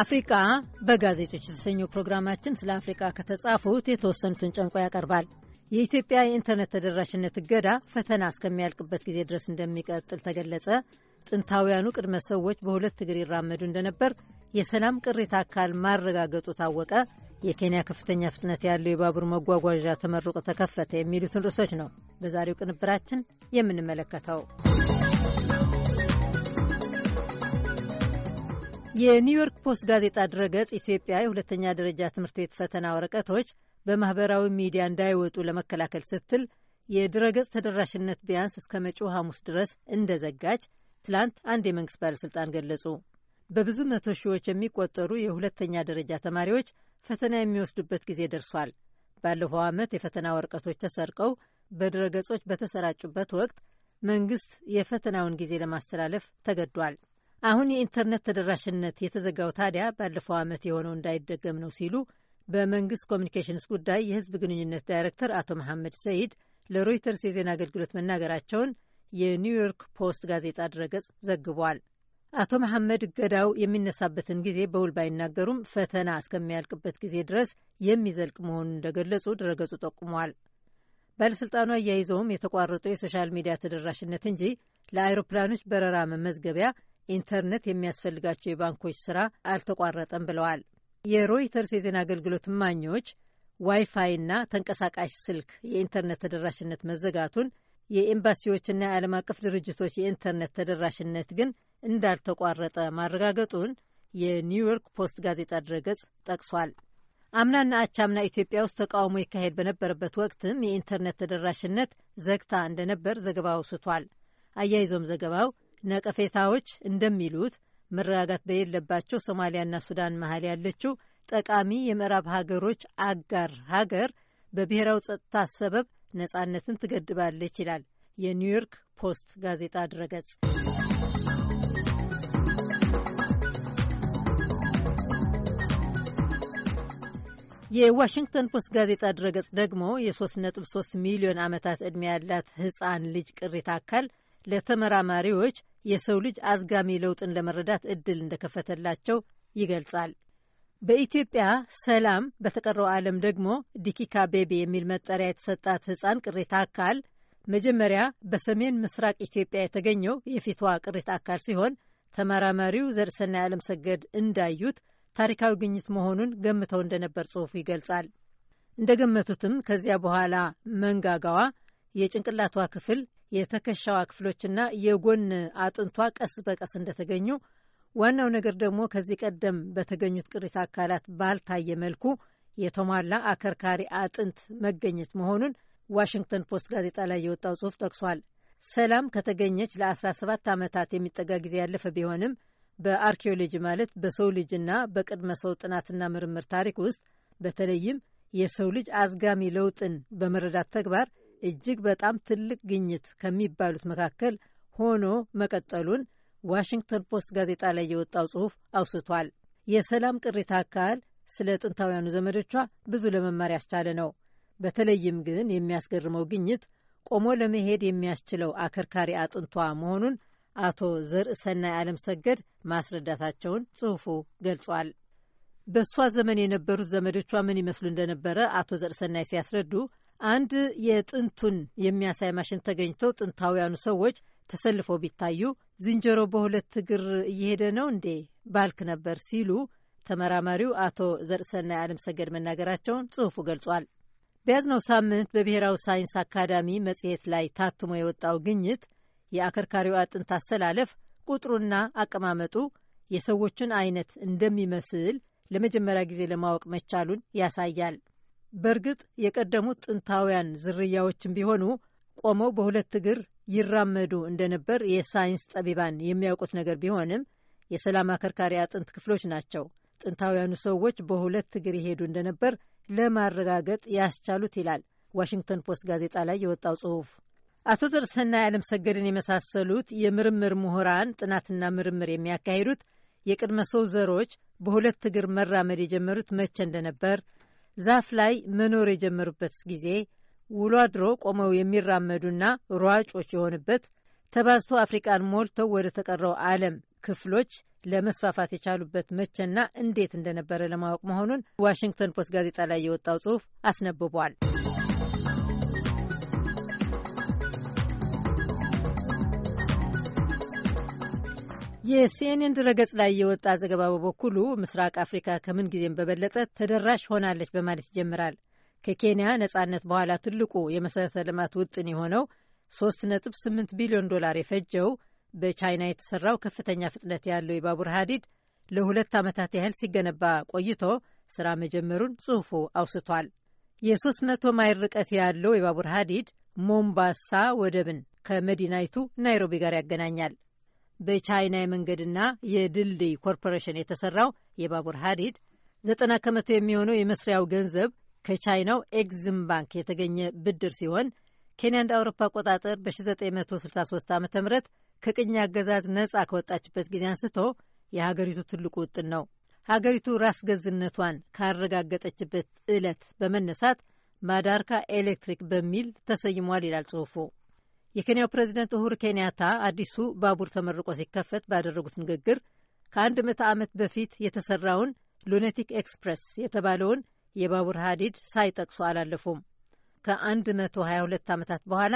አፍሪቃ በጋዜጦች የተሰኘው ፕሮግራማችን ስለ አፍሪቃ ከተጻፉት የተወሰኑትን ጨምቆ ያቀርባል። የኢትዮጵያ የኢንተርኔት ተደራሽነት እገዳ ፈተና እስከሚያልቅበት ጊዜ ድረስ እንደሚቀጥል ተገለጸ፣ ጥንታውያኑ ቅድመ ሰዎች በሁለት እግር ይራመዱ እንደነበር የሰላም ቅሪታ አካል ማረጋገጡ ታወቀ፣ የኬንያ ከፍተኛ ፍጥነት ያለው የባቡር መጓጓዣ ተመርቆ ተከፈተ የሚሉትን ርዕሶች ነው በዛሬው ቅንብራችን የምንመለከተው። የኒውዮርክ ፖስት ጋዜጣ ድረገጽ ኢትዮጵያ የሁለተኛ ደረጃ ትምህርት ቤት ፈተና ወረቀቶች በማህበራዊ ሚዲያ እንዳይወጡ ለመከላከል ስትል የድረገጽ ተደራሽነት ቢያንስ እስከ መጪው ሐሙስ ድረስ እንደዘጋች ትላንት አንድ የመንግስት ባለሥልጣን ገለጹ። በብዙ መቶ ሺዎች የሚቆጠሩ የሁለተኛ ደረጃ ተማሪዎች ፈተና የሚወስዱበት ጊዜ ደርሷል። ባለፈው ዓመት የፈተና ወረቀቶች ተሰርቀው በድረገጾች በተሰራጩበት ወቅት መንግስት የፈተናውን ጊዜ ለማስተላለፍ ተገዷል። አሁን የኢንተርኔት ተደራሽነት የተዘጋው ታዲያ ባለፈው ዓመት የሆነው እንዳይደገም ነው ሲሉ በመንግስት ኮሚኒኬሽንስ ጉዳይ የህዝብ ግንኙነት ዳይሬክተር አቶ መሐመድ ሰይድ ለሮይተርስ የዜና አገልግሎት መናገራቸውን የኒውዮርክ ፖስት ጋዜጣ ድረገጽ ዘግቧል። አቶ መሐመድ እገዳው የሚነሳበትን ጊዜ በውል ባይናገሩም ፈተና እስከሚያልቅበት ጊዜ ድረስ የሚዘልቅ መሆኑን እንደገለጹ ድረገጹ ጠቁሟል። ባለሥልጣኑ አያይዘውም የተቋረጠው የሶሻል ሚዲያ ተደራሽነት እንጂ ለአይሮፕላኖች በረራ መመዝገቢያ ኢንተርኔት የሚያስፈልጋቸው የባንኮች ስራ አልተቋረጠም ብለዋል። የሮይተርስ የዜና አገልግሎት እማኞች ዋይፋይና ተንቀሳቃሽ ስልክ የኢንተርኔት ተደራሽነት መዘጋቱን፣ የኤምባሲዎችና የዓለም አቀፍ ድርጅቶች የኢንተርኔት ተደራሽነት ግን እንዳልተቋረጠ ማረጋገጡን የኒውዮርክ ፖስት ጋዜጣ ድረገጽ ጠቅሷል። አምናና አቻምና ኢትዮጵያ ውስጥ ተቃውሞ ይካሄድ በነበረበት ወቅትም የኢንተርኔት ተደራሽነት ዘግታ እንደነበር ዘገባው አውስቷል። አያይዞም ዘገባው ነቀፌታዎች እንደሚሉት መረጋጋት በሌለባቸው ሶማሊያና ሱዳን መሀል ያለችው ጠቃሚ የምዕራብ ሀገሮች አጋር ሀገር በብሔራዊ ጸጥታ ሰበብ ነጻነትን ትገድባለች ይላል የኒውዮርክ ፖስት ጋዜጣ ድረገጽ። የዋሽንግተን ፖስት ጋዜጣ ድረገጽ ደግሞ የ3.3 ሚሊዮን ዓመታት ዕድሜ ያላት ሕፃን ልጅ ቅሪተ አካል ለተመራማሪዎች የሰው ልጅ አዝጋሚ ለውጥን ለመረዳት እድል እንደከፈተላቸው ይገልጻል። በኢትዮጵያ ሰላም፣ በተቀረው ዓለም ደግሞ ዲኪካ ቤቢ የሚል መጠሪያ የተሰጣት ሕፃን ቅሪተ አካል መጀመሪያ በሰሜን ምስራቅ ኢትዮጵያ የተገኘው የፊቷ ቅሪተ አካል ሲሆን ተመራማሪው ዘርሰናይ ዓለም ሰገድ እንዳዩት ታሪካዊ ግኝት መሆኑን ገምተው እንደነበር ጽሑፉ ይገልጻል። እንደገመቱትም ከዚያ በኋላ መንጋጋዋ የጭንቅላቷ ክፍል የትከሻዋ ክፍሎችና የጎን አጥንቷ ቀስ በቀስ እንደተገኙ፣ ዋናው ነገር ደግሞ ከዚህ ቀደም በተገኙት ቅሪተ አካላት ባልታየ መልኩ የተሟላ አከርካሪ አጥንት መገኘት መሆኑን ዋሽንግተን ፖስት ጋዜጣ ላይ የወጣው ጽሑፍ ጠቅሷል። ሰላም ከተገኘች ለ17 ዓመታት የሚጠጋ ጊዜ ያለፈ ቢሆንም በአርኪኦሎጂ ማለት በሰው ልጅና በቅድመ ሰው ጥናትና ምርምር ታሪክ ውስጥ በተለይም የሰው ልጅ አዝጋሚ ለውጥን በመረዳት ተግባር እጅግ በጣም ትልቅ ግኝት ከሚባሉት መካከል ሆኖ መቀጠሉን ዋሽንግተን ፖስት ጋዜጣ ላይ የወጣው ጽሑፍ አውስቷል። የሰላም ቅሪተ አካል ስለ ጥንታውያኑ ዘመዶቿ ብዙ ለመማር ያስቻለ ነው። በተለይም ግን የሚያስገርመው ግኝት ቆሞ ለመሄድ የሚያስችለው አከርካሪ አጥንቷ መሆኑን አቶ ዘርዕሰናይ አለም ሰገድ ማስረዳታቸውን ጽሑፉ ገልጿል። በእሷ ዘመን የነበሩት ዘመዶቿ ምን ይመስሉ እንደነበረ አቶ ዘርዕሰናይ ሲያስረዱ አንድ የጥንቱን የሚያሳይ ማሽን ተገኝቶ ጥንታውያኑ ሰዎች ተሰልፈው ቢታዩ ዝንጀሮ በሁለት እግር እየሄደ ነው እንዴ ባልክ ነበር ሲሉ ተመራማሪው አቶ ዘርሰና የዓለም ሰገድ መናገራቸውን ጽሑፉ ገልጿል። በያዝነው ሳምንት በብሔራዊ ሳይንስ አካዳሚ መጽሔት ላይ ታትሞ የወጣው ግኝት የአከርካሪው አጥንት አሰላለፍ ቁጥሩና አቀማመጡ የሰዎችን አይነት እንደሚመስል ለመጀመሪያ ጊዜ ለማወቅ መቻሉን ያሳያል። በእርግጥ የቀደሙት ጥንታውያን ዝርያዎችን ቢሆኑ ቆመው በሁለት እግር ይራመዱ እንደነበር የሳይንስ ጠቢባን የሚያውቁት ነገር ቢሆንም የሰላም አከርካሪ አጥንት ክፍሎች ናቸው ጥንታውያኑ ሰዎች በሁለት እግር ይሄዱ እንደነበር ለማረጋገጥ ያስቻሉት ይላል ዋሽንግተን ፖስት ጋዜጣ ላይ የወጣው ጽሑፍ። አቶ ዘርሰና የዓለም ሰገድን የመሳሰሉት የምርምር ምሁራን ጥናትና ምርምር የሚያካሂዱት የቅድመ ሰው ዘሮች በሁለት እግር መራመድ የጀመሩት መቼ እንደነበር ዛፍ ላይ መኖር የጀመሩበት ጊዜ ውሎ አድሮ ቆመው የሚራመዱና ሯጮች የሆኑበት ተባዝቶ አፍሪቃን ሞልተው ወደ ተቀረው ዓለም ክፍሎች ለመስፋፋት የቻሉበት መቼና እንዴት እንደነበረ ለማወቅ መሆኑን ዋሽንግተን ፖስት ጋዜጣ ላይ የወጣው ጽሑፍ አስነብቧል። የሲኤንኤን ድረገጽ ላይ የወጣ ዘገባ በበኩሉ ምስራቅ አፍሪካ ከምን ጊዜም በበለጠ ተደራሽ ሆናለች በማለት ይጀምራል። ከኬንያ ነጻነት በኋላ ትልቁ የመሠረተ ልማት ውጥን የሆነው 3.8 ቢሊዮን ዶላር የፈጀው በቻይና የተሰራው ከፍተኛ ፍጥነት ያለው የባቡር ሀዲድ ለሁለት ዓመታት ያህል ሲገነባ ቆይቶ ስራ መጀመሩን ጽሑፉ አውስቷል። የ300 ማይል ርቀት ያለው የባቡር ሀዲድ ሞምባሳ ወደብን ከመዲናይቱ ናይሮቢ ጋር ያገናኛል። በቻይና የመንገድና የድልድይ ኮርፖሬሽን የተሰራው የባቡር ሀዲድ ዘጠና ከመቶ የሚሆነው የመስሪያው ገንዘብ ከቻይናው ኤግዝም ባንክ የተገኘ ብድር ሲሆን ኬንያ እንደ አውሮፓ አቆጣጠር በ1963 ዓ ም ከቅኝ አገዛዝ ነጻ ከወጣችበት ጊዜ አንስቶ የሀገሪቱ ትልቁ ውጥን ነው። ሀገሪቱ ራስ ገዝነቷን ካረጋገጠችበት ዕለት በመነሳት ማዳርካ ኤሌክትሪክ በሚል ተሰይሟል ይላል ጽሑፉ። የኬንያው ፕሬዚደንት ኡሁሩ ኬንያታ አዲሱ ባቡር ተመርቆ ሲከፈት ባደረጉት ንግግር ከአንድ መቶ ዓመት በፊት የተሰራውን ሉነቲክ ኤክስፕሬስ የተባለውን የባቡር ሀዲድ ሳይጠቅሱ አላለፉም። ከ122 ዓመታት በኋላ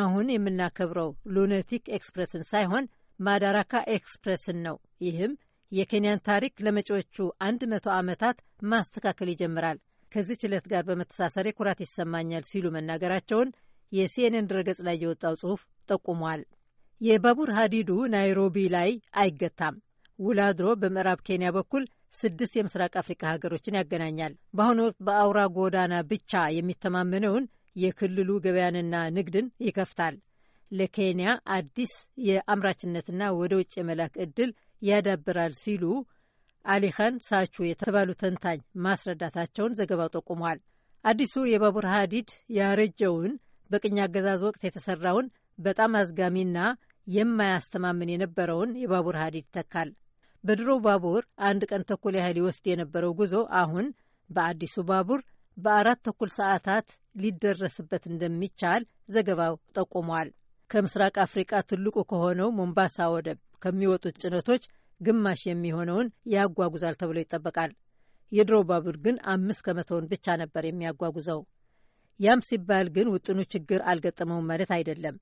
አሁን የምናከብረው ሉነቲክ ኤክስፕሬስን ሳይሆን ማዳራካ ኤክስፕሬስን ነው። ይህም የኬንያን ታሪክ ለመጪዎቹ 100 ዓመታት ማስተካከል ይጀምራል። ከዚህ ችለት ጋር በመተሳሰሬ ኩራት ይሰማኛል ሲሉ መናገራቸውን የሲኤንኤን ድረገጽ ላይ የወጣው ጽሑፍ ጠቁሟል። የባቡር ሀዲዱ ናይሮቢ ላይ አይገታም። ውላድሮ በምዕራብ ኬንያ በኩል ስድስት የምስራቅ አፍሪካ ሀገሮችን ያገናኛል። በአሁኑ ወቅት በአውራ ጎዳና ብቻ የሚተማመነውን የክልሉ ገበያንና ንግድን ይከፍታል። ለኬንያ አዲስ የአምራችነትና ወደ ውጭ የመላክ ዕድል ያዳብራል ሲሉ አሊኸን ሳቹ የተባሉ ተንታኝ ማስረዳታቸውን ዘገባው ጠቁሟል። አዲሱ የባቡር ሀዲድ ያረጀውን በቅኝ አገዛዝ ወቅት የተሰራውን በጣም አዝጋሚና የማያስተማምን የነበረውን የባቡር ሀዲድ ይተካል። በድሮ ባቡር አንድ ቀን ተኩል ያህል ይወስድ የነበረው ጉዞ አሁን በአዲሱ ባቡር በአራት ተኩል ሰዓታት ሊደረስበት እንደሚቻል ዘገባው ጠቁሟል። ከምስራቅ አፍሪቃ ትልቁ ከሆነው ሞምባሳ ወደብ ከሚወጡት ጭነቶች ግማሽ የሚሆነውን ያጓጉዛል ተብሎ ይጠበቃል። የድሮ ባቡር ግን አምስት ከመቶውን ብቻ ነበር የሚያጓጉዘው። ያም ሲባል ግን ውጥኑ ችግር አልገጠመውም ማለት አይደለም።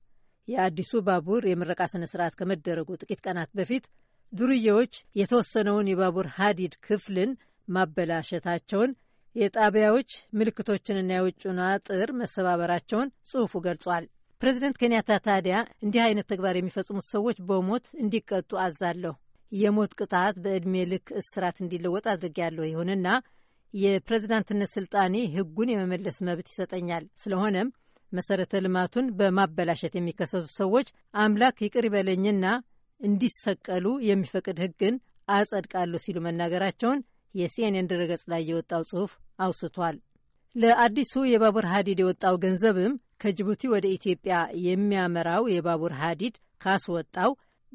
የአዲሱ ባቡር የምረቃ ስነ ስርዓት ከመደረጉ ጥቂት ቀናት በፊት ዱርዬዎች የተወሰነውን የባቡር ሀዲድ ክፍልን ማበላሸታቸውን፣ የጣቢያዎች ምልክቶችንና የውጭን አጥር መሰባበራቸውን ጽሑፉ ገልጿል። ፕሬዚደንት ኬንያታ ታዲያ እንዲህ አይነት ተግባር የሚፈጽሙት ሰዎች በሞት እንዲቀጡ አዛለሁ። የሞት ቅጣት በዕድሜ ልክ እስራት እንዲለወጥ አድርጌያለሁ። ይሁንና የፕሬዝዳንትነት ስልጣኔ ህጉን የመመለስ መብት ይሰጠኛል። ስለሆነም መሰረተ ልማቱን በማበላሸት የሚከሰሱ ሰዎች አምላክ ይቅር ይበለኝና እንዲሰቀሉ የሚፈቅድ ህግን አጸድቃለሁ ሲሉ መናገራቸውን የሲኤንኤን ድረገጽ ላይ የወጣው ጽሑፍ አውስቷል። ለአዲሱ የባቡር ሀዲድ የወጣው ገንዘብም ከጅቡቲ ወደ ኢትዮጵያ የሚያመራው የባቡር ሀዲድ ካስወጣው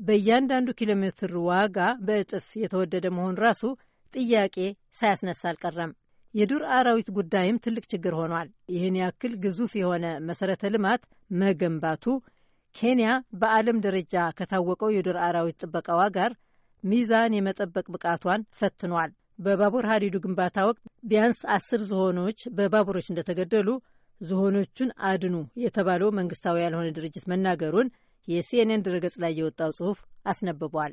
በእያንዳንዱ ኪሎ ሜትር ዋጋ በእጥፍ የተወደደ መሆን ራሱ ጥያቄ ሳያስነሳ አልቀረም። የዱር አራዊት ጉዳይም ትልቅ ችግር ሆኗል። ይህን ያክል ግዙፍ የሆነ መሰረተ ልማት መገንባቱ ኬንያ በዓለም ደረጃ ከታወቀው የዱር አራዊት ጥበቃዋ ጋር ሚዛን የመጠበቅ ብቃቷን ፈትኗል። በባቡር ሀዲዱ ግንባታ ወቅት ቢያንስ አስር ዝሆኖች በባቡሮች እንደተገደሉ ዝሆኖቹን አድኑ የተባለው መንግስታዊ ያልሆነ ድርጅት መናገሩን የሲኤንኤን ድረገጽ ላይ የወጣው ጽሑፍ አስነብቧል።